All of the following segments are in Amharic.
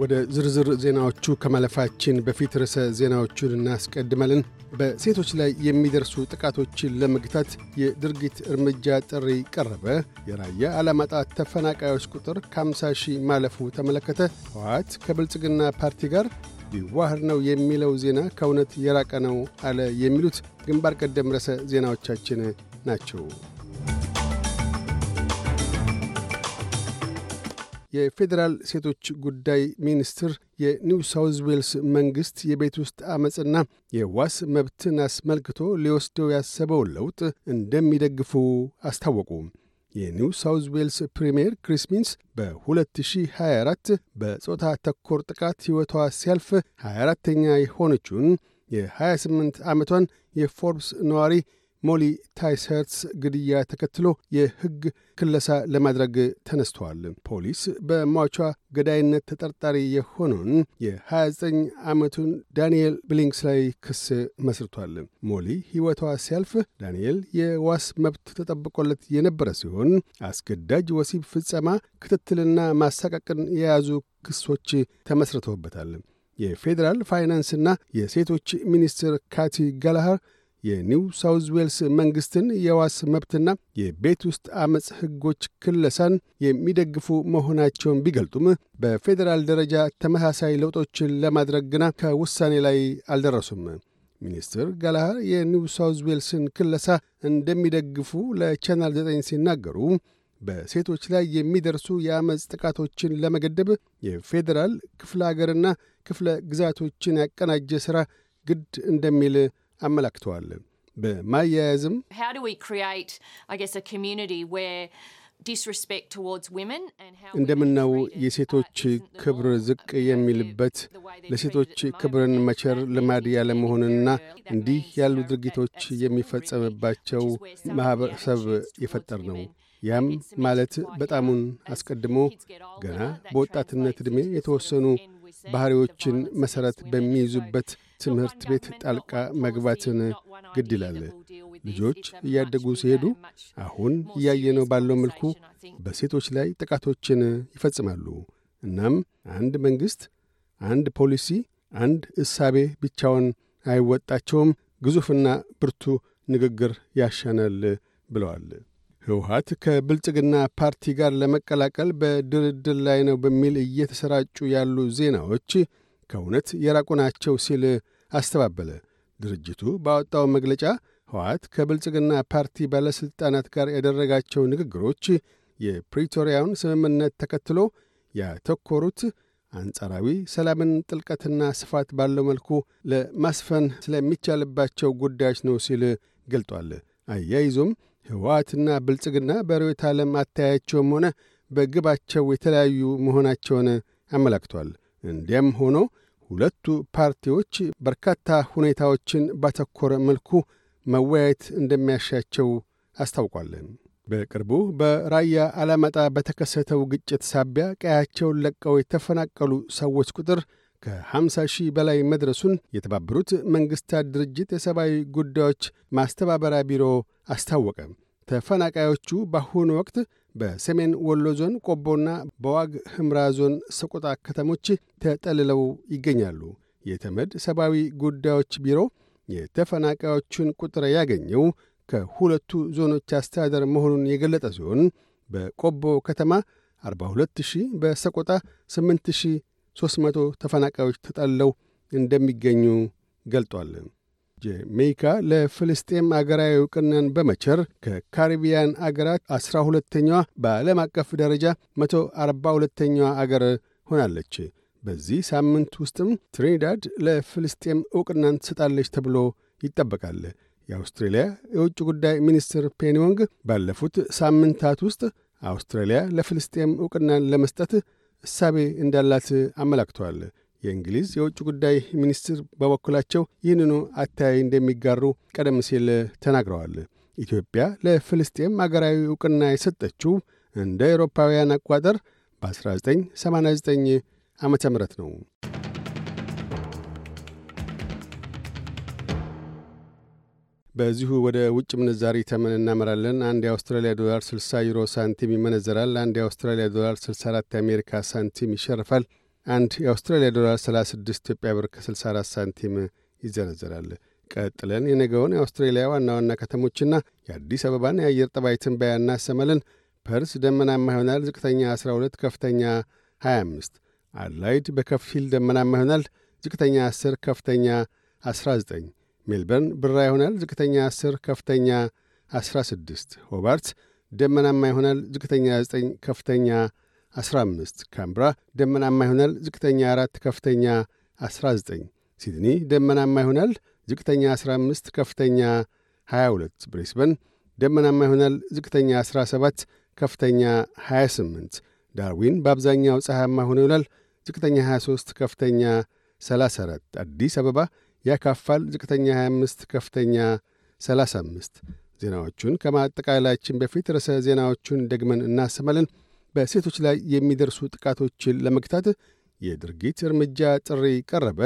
ወደ ዝርዝር ዜናዎቹ ከማለፋችን በፊት ርዕሰ ዜናዎቹን እናስቀድማለን። በሴቶች ላይ የሚደርሱ ጥቃቶችን ለመግታት የድርጊት እርምጃ ጥሪ ቀረበ። የራያ ዓላማጣ ተፈናቃዮች ቁጥር ከ50 ማለፉ ተመለከተ። ህወሓት ከብልጽግና ፓርቲ ጋር ሊዋህር ነው የሚለው ዜና ከእውነት የራቀ ነው አለ። የሚሉት ግንባር ቀደም ርዕሰ ዜናዎቻችን ናቸው። የፌዴራል ሴቶች ጉዳይ ሚኒስትር የኒው ሳውዝ ዌልስ መንግሥት የቤት ውስጥ ዐመፅና የዋስ መብትን አስመልክቶ ሊወስደው ያሰበውን ለውጥ እንደሚደግፉ አስታወቁ። የኒው ሳውዝ ዌልስ ፕሪምየር ክሪስ ሚንስ በ2024 በጾታ ተኮር ጥቃት ሕይወቷ ሲያልፍ 24ተኛ የሆነችውን የ28 ዓመቷን የፎርብስ ነዋሪ ሞሊ ታይሰርትስ ግድያ ተከትሎ የሕግ ክለሳ ለማድረግ ተነስተዋል። ፖሊስ በሟቿ ገዳይነት ተጠርጣሪ የሆነውን የ29 ዓመቱን ዳንኤል ብሊንክስ ላይ ክስ መስርቷል። ሞሊ ሕይወቷ ሲያልፍ ዳንኤል የዋስ መብት ተጠብቆለት የነበረ ሲሆን አስገዳጅ ወሲብ ፍጸማ፣ ክትትልና ማሳቀቅን የያዙ ክሶች ተመስርተውበታል። የፌዴራል ፋይናንስና የሴቶች ሚኒስትር ካቲ ጋላሃር የኒው ሳውዝ ዌልስ መንግሥትን የዋስ መብትና የቤት ውስጥ ዐመፅ ሕጎች ክለሳን የሚደግፉ መሆናቸውን ቢገልጡም በፌዴራል ደረጃ ተመሳሳይ ለውጦችን ለማድረግ ግና ከውሳኔ ላይ አልደረሱም። ሚኒስትር ጋላሃር የኒው ሳውዝ ዌልስን ክለሳ እንደሚደግፉ ለቻናል 9 ሲናገሩ በሴቶች ላይ የሚደርሱ የአመፅ ጥቃቶችን ለመገደብ የፌዴራል ክፍለ አገርና ክፍለ ግዛቶችን ያቀናጀ ሥራ ግድ እንደሚል አመላክተዋል። በማያያዝም እንደምናው የሴቶች ክብር ዝቅ የሚልበት ለሴቶች ክብርን መቸር ልማድ ያለመሆንና እንዲህ ያሉ ድርጊቶች የሚፈጸምባቸው ማኅበረሰብ የፈጠር ነው። ያም ማለት በጣሙን አስቀድሞ ገና በወጣትነት ዕድሜ የተወሰኑ ባሕሪዎችን መሠረት በሚይዙበት ትምህርት ቤት ጣልቃ መግባትን ግድ ይላል። ልጆች እያደጉ ሲሄዱ አሁን እያየነው ባለው መልኩ በሴቶች ላይ ጥቃቶችን ይፈጽማሉ። እናም አንድ መንግሥት፣ አንድ ፖሊሲ፣ አንድ እሳቤ ብቻውን አይወጣቸውም። ግዙፍና ብርቱ ንግግር ያሻናል ብለዋል። ህውሃት ከብልጽግና ፓርቲ ጋር ለመቀላቀል በድርድር ላይ ነው በሚል እየተሰራጩ ያሉ ዜናዎች ከእውነት የራቁ ናቸው ሲል አስተባበለ። ድርጅቱ ባወጣው መግለጫ ህወሓት ከብልጽግና ፓርቲ ባለሥልጣናት ጋር ያደረጋቸው ንግግሮች የፕሪቶሪያውን ስምምነት ተከትሎ ያተኮሩት አንጻራዊ ሰላምን ጥልቀትና ስፋት ባለው መልኩ ለማስፈን ስለሚቻልባቸው ጉዳዮች ነው ሲል ገልጧል። አያይዞም ህወሓትና ብልጽግና በርዕዮተ ዓለም አተያያቸውም ሆነ በግባቸው የተለያዩ መሆናቸውን አመላክቷል። እንዲያም ሆኖ ሁለቱ ፓርቲዎች በርካታ ሁኔታዎችን ባተኮረ መልኩ መወያየት እንደሚያሻቸው አስታውቋለን። በቅርቡ በራያ አላማጣ በተከሰተው ግጭት ሳቢያ ቀያቸውን ለቀው የተፈናቀሉ ሰዎች ቁጥር ከ50 ሺህ በላይ መድረሱን የተባበሩት መንግሥታት ድርጅት የሰብአዊ ጉዳዮች ማስተባበሪያ ቢሮ አስታወቀ። ተፈናቃዮቹ በአሁኑ ወቅት በሰሜን ወሎ ዞን ቆቦና በዋግ ህምራ ዞን ሰቆጣ ከተሞች ተጠልለው ይገኛሉ። የተመድ ሰብአዊ ጉዳዮች ቢሮ የተፈናቃዮቹን ቁጥር ያገኘው ከሁለቱ ዞኖች አስተዳደር መሆኑን የገለጠ ሲሆን በቆቦ ከተማ 42000 በሰቆጣ 8300 ተፈናቃዮች ተጠልለው እንደሚገኙ ገልጧል። ጄሜካ ለፍልስጤም አገራዊ ዕውቅናን በመቸር ከካሪቢያን አገራት ዐሥራ ሁለተኛዋ በዓለም አቀፍ ደረጃ መቶ አርባ ሁለተኛዋ አገር ሆናለች። በዚህ ሳምንት ውስጥም ትሪኒዳድ ለፍልስጤም ዕውቅናን ትሰጣለች ተብሎ ይጠበቃል። የአውስትሬልያ የውጭ ጉዳይ ሚኒስትር ፔኒዮንግ ባለፉት ሳምንታት ውስጥ አውስትራሊያ ለፍልስጤም ዕውቅናን ለመስጠት እሳቤ እንዳላት አመላክተዋል። የእንግሊዝ የውጭ ጉዳይ ሚኒስትር በበኩላቸው ይህንኑ አተያይ እንደሚጋሩ ቀደም ሲል ተናግረዋል። ኢትዮጵያ ለፍልስጤም አገራዊ ዕውቅና የሰጠችው እንደ ኤሮፓውያን አቋጠር በ1989 ዓ ም ነው። በዚሁ ወደ ውጭ ምንዛሪ ተመን እናመራለን። አንድ የአውስትራሊያ ዶላር 60 ዩሮ ሳንቲም ይመነዘራል። አንድ የአውስትራሊያ ዶላር 64 የአሜሪካ ሳንቲም ይሸርፋል። አንድ የአውስትራሊያ ዶላር 36 ኢትዮጵያ ብር ከ64 ሳንቲም ይዘረዘራል። ቀጥለን የነገውን የአውስትሬሊያ ዋና ዋና ከተሞችና የአዲስ አበባን የአየር ጠባይ ትንበያ እናሰማለን። ፐርስ ደመናማ ይሆናል። ዝቅተኛ 12፣ ከፍተኛ 25። አድላይድ በከፊል ደመናማ ይሆናል። ዝቅተኛ 10፣ ከፍተኛ 19። ሜልበርን ብራ ይሆናል። ዝቅተኛ 10፣ ከፍተኛ 16። ሆባርት ደመናማ ይሆናል። ዝቅተኛ 9፣ ከፍተኛ 15 ካምብራ ደመናማ ይሆናል። ዝቅተኛ 4 ከፍተኛ 19 ሲድኒ ደመናማ ይሆናል። ዝቅተኛ 15 ከፍተኛ 22 ብሬስበን ደመናማ ይሆናል። ዝቅተኛ 17 ከፍተኛ 28 ዳርዊን በአብዛኛው ፀሐያማ ሆኖ ይውላል። ዝቅተኛ 23 ከፍተኛ 34 አዲስ አበባ ያካፋል። ዝቅተኛ 25 ከፍተኛ 35 ዜናዎቹን ከማጠቃላያችን በፊት ርዕሰ ዜናዎቹን ደግመን እናሰማለን። በሴቶች ላይ የሚደርሱ ጥቃቶችን ለመግታት የድርጊት እርምጃ ጥሪ ቀረበ።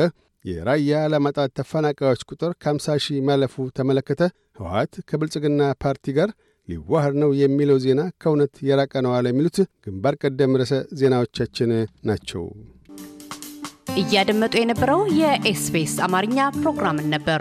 የራያ ዓላማጣ ተፈናቃዮች ቁጥር ከ50 ሺህ ማለፉ ተመለከተ። ህወሓት ከብልጽግና ፓርቲ ጋር ሊዋሃድ ነው የሚለው ዜና ከእውነት የራቀ ነዋል የሚሉት ግንባር ቀደም ርዕሰ ዜናዎቻችን ናቸው። እያደመጡ የነበረው የኤስፔስ አማርኛ ፕሮግራምን ነበር።